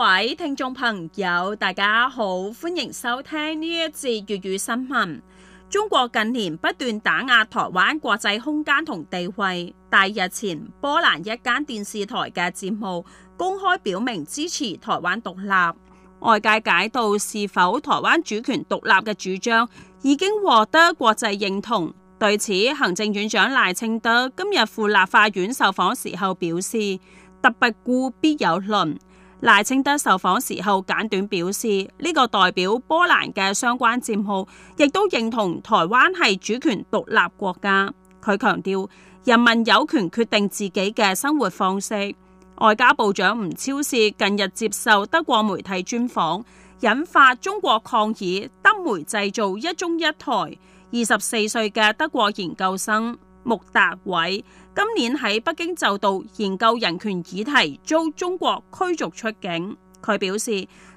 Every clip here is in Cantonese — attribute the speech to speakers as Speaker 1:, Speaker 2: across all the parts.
Speaker 1: 各位聽眾朋友，大家好，歡迎收聽呢一節粵語新聞。中國近年不斷打壓台灣國際空間同地位，但日前波蘭一間電視台嘅節目公開表明支持台灣獨立，外界解讀是否台灣主權獨立嘅主張已經獲得國際認同。對此，行政院長賴清德今日赴立法院受訪時候表示：德不孤必有鄰。賴清德受訪時候簡短表示，呢、這個代表波蘭嘅相關賬號亦都認同台灣係主權獨立國家。佢強調，人民有權決定自己嘅生活方式。外交部長吳釗燮近日接受德國媒體專訪，引發中國抗議。德媒製造一中一台。二十四歲嘅德國研究生，穆達偉今年喺北京就讀，研究人權議題，遭中國驅逐出境。佢表示，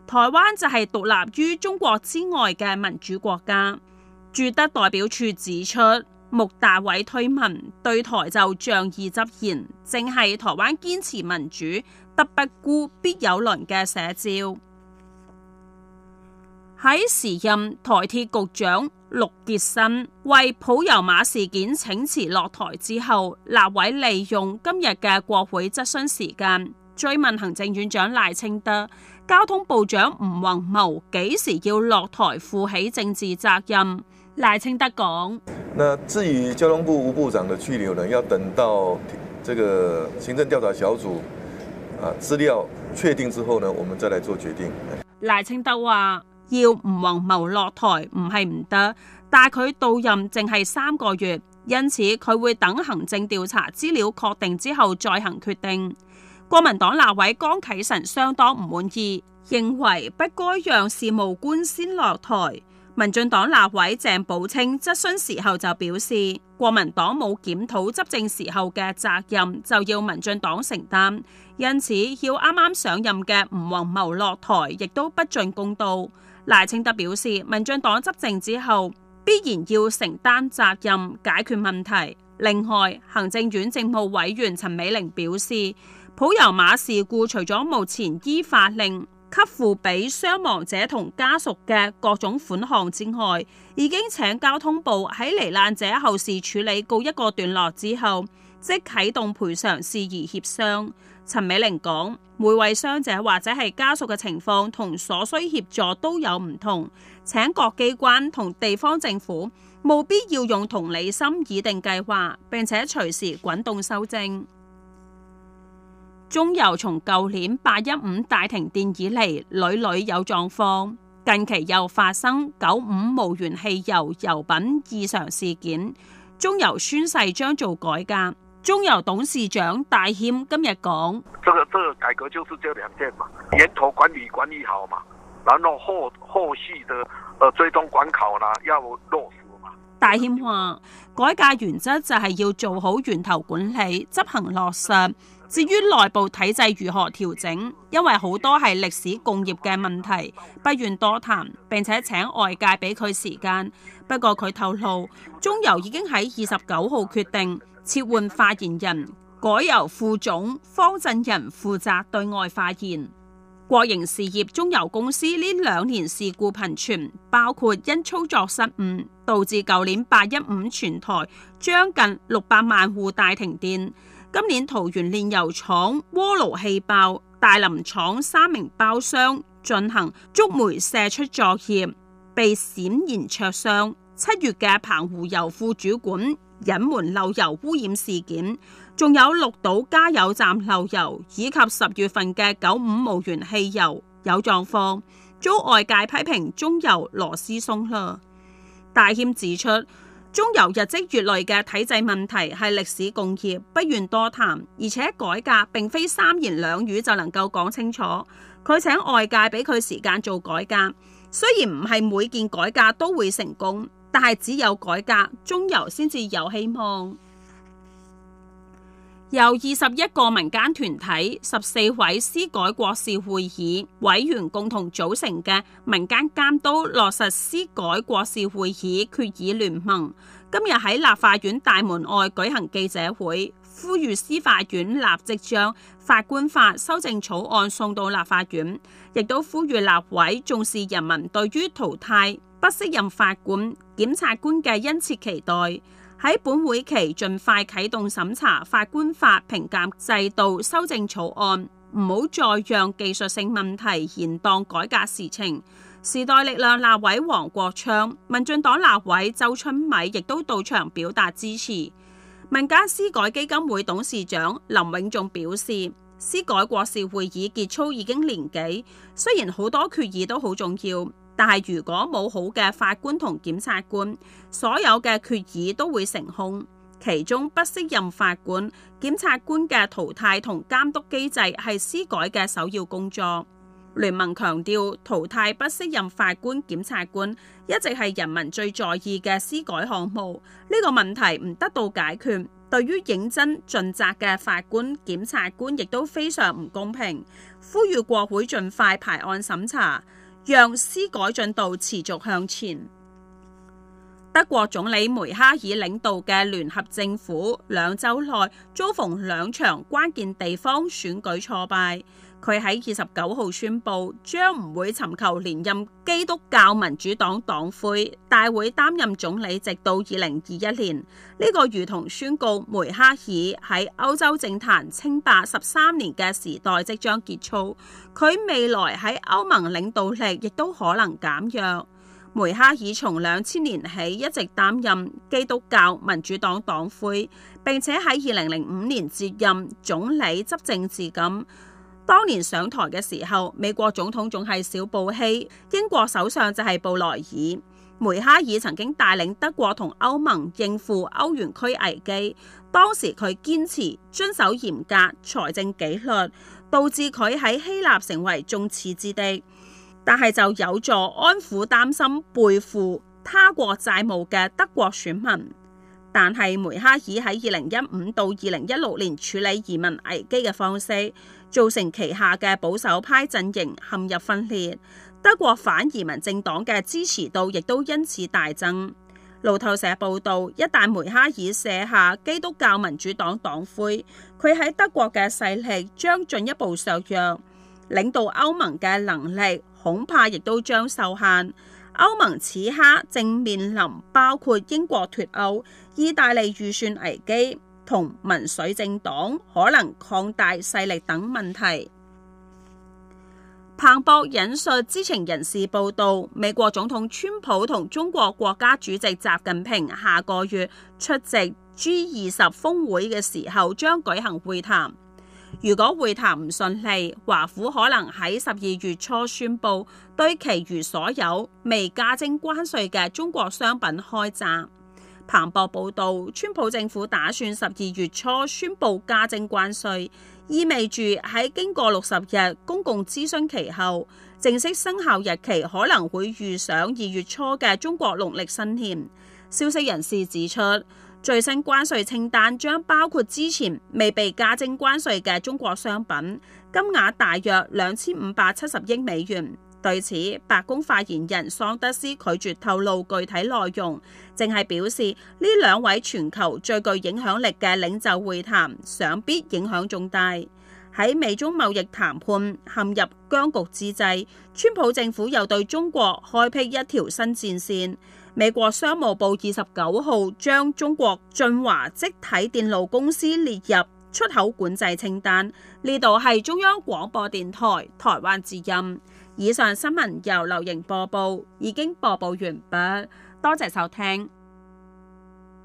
Speaker 1: 台灣就係獨立於中國之外嘅民主國家。駐德代表處指出，穆達偉推文對台就仗義執言，正係台灣堅持民主、德不孤必有鄰嘅寫照。喺時任台鐵局長。鹿潔身為普悠瑪事件請辭落台之後，立委利用今日嘅國會質詢時間，追問行政院長賴清德、交通部長吳宏謀幾時要落台負起政治責任。賴清德講：，那至於交通部吳部長的去留呢？要等到個行政調查小組啊資料確定之後呢，我們再來做決定。賴清德話。要吳宏謀落台唔係唔得，但佢到任淨係三個月，因此佢會等行政調查資料確定之後再行決定。國民黨立委江啟臣相當唔滿意，認為不該讓事務官先落台。民進黨立委鄭寶清質詢時候就表示，國民黨冇檢討執政時候嘅責任，就要民進黨承擔，因此要啱啱上任嘅吳宏謀落台，亦都不盡公道。賴清德表示，民進黨執政之後必然要承擔責任，解決問題。另外，行政院政務委員陳美玲表示，普悠瑪事故除咗目前依法令給付俾傷亡者同家屬嘅各種款項之外，已經請交通部喺罹難者後事處理告一個段落之後，即啟動賠償事宜協商。陳美玲講。每位傷者或者係家屬嘅情況同所需協助都有唔同，請各機關同地方政府務必要用同理心擬定計劃，並且隨時滾動修正。中油從舊年八一五大停電以嚟屢屢有狀況，近期又發生九五無鉛汽油油品異常事件，中油宣誓將做改革。中油董事長大謙今日講：，這個，這個改革就是這兩件嘛，源頭管理管理好嘛，然後後後續的，最終管考啦，要落實嘛。大謙話：，改革原則就係要做好源頭管理，執行落實。至於內部體制如何調整，因為好多係歷史共業嘅問題，不願多談，並且請外界俾佢時間。不過佢透露，中油已經喺二十九號決定，撤換發言人，改由副總方振仁負責對外發言。國營事業中油公司呢兩年事故頻傳，包括因操作失誤導致舊年八一五全台將近六百萬戶大停電，今年桃園煉油廠鍋爐氣爆，大林廠三名包商進行觸媒射出作業被閃燃灼傷。七月嘅澎湖油庫主管，隱瞞漏油污染事件，仲有綠島加油站漏油，以及十月份嘅九五無鉛汽油有狀況，遭外界批評中油螺絲鬆啦。戴謙指出，中油日積月累嘅體制問題係歷史共業，不願多談，而且改革並非三言兩語就能夠講清楚。佢請外界俾佢時間做改革，雖然唔係每件改革都會成功。但係只有改革，中油先至有希望。由二十一個民間團體、十四位司改國事會議委員共同組成嘅民間監督落實司改國事會議決議聯盟，今日喺立法院大門外舉行記者會，呼籲司法院立即將法官法修正草案送到立法院，亦都呼籲立委重視人民對於淘汰。不適任法官、檢察官嘅殷切期待，喺本會期盡快啟動審查法官法評鑑制度修正草案，唔好再讓技術性問題延宕改革時程。時代力量立委黃國昌、民進黨立委周春米亦都到場表達支持。民間司改基金會董事長林永仲表示，司改國是會議結束已經年幾，雖然好多決議都好重要。但係如果冇好嘅法官同檢察官，所有嘅決議都會成空。其中不適任法官、檢察官嘅淘汰同監督機制係司改嘅首要工作。聯盟強調，淘汰不適任法官、檢察官一直係人民最在意嘅司改項目。呢個問題唔得到解決，對於認真盡責嘅法官、檢察官亦都非常唔公平。呼籲國會盡快排案審查。讓司改進度持續向前。德國總理梅克爾領導嘅聯合政府兩周內遭逢兩場關鍵地方選舉挫敗。佢喺二十九號宣布，將唔會尋求連任基督教民主黨黨魁但會擔任總理，直到二零二一年。呢、這個如同宣告梅克爾喺歐洲政壇稱霸十三年嘅時代即將結束。佢未來喺歐盟領導力亦都可能減弱。梅克爾從兩千年起一直擔任基督教民主黨黨魁，並且喺二零零五年接任總理執政至今。當年上台嘅時候，美國總統仲係小布希，英國首相就係布萊爾。梅克爾曾經帶領德國同歐盟應付歐元區危機，當時佢堅持遵守嚴格財政紀律，導致佢喺希臘成為眾矢之的。但係就有助安撫擔心背負他國債務嘅德國選民。但係梅克爾喺二零一五到二零一六年處理移民危機嘅方式，造成旗下嘅保守派陣營陷入分裂，德國反移民政黨嘅支持度亦都因此大增。路透社報道，一旦梅克爾卸下基督教民主黨黨魁，佢喺德國嘅勢力將進一步削弱，領導歐盟嘅能力恐怕亦都將受限。歐盟此刻正面臨包括英國脱歐、意大利預算危機同民粹政黨可能擴大勢力等問題。彭博引述知情人士報道，美國總統川普同中國國家主席習近平下個月出席 G 二十峰會嘅時候，將舉行會談。如果會談唔順利，華府可能喺十二月初宣布對其餘所有未加徵關稅嘅中國商品開鍘。彭博報道，川普政府打算十二月初宣布加徵關稅，意味住喺經過六十日公共諮詢期後，正式生效日期可能會遇上二月初嘅中國農曆新年。消息人士指出，最新關稅清單將包括之前未被加徵關稅嘅中國商品，金額大約兩千五百七十億美元。對此，白宮發言人桑德斯拒絕透露具體內容，淨係表示呢兩位全球最具影響力嘅領袖會談，想必影響重大。喺美中貿易談判陷入僵局之際，川普政府又對中國開闢一條新戰線。美國商務部二十九號將中國晉華積體電路公司列入出口管制清單。呢度係中央廣播電台台灣之音。以上新聞由劉瑩播報，已經播報完畢，多謝收聽。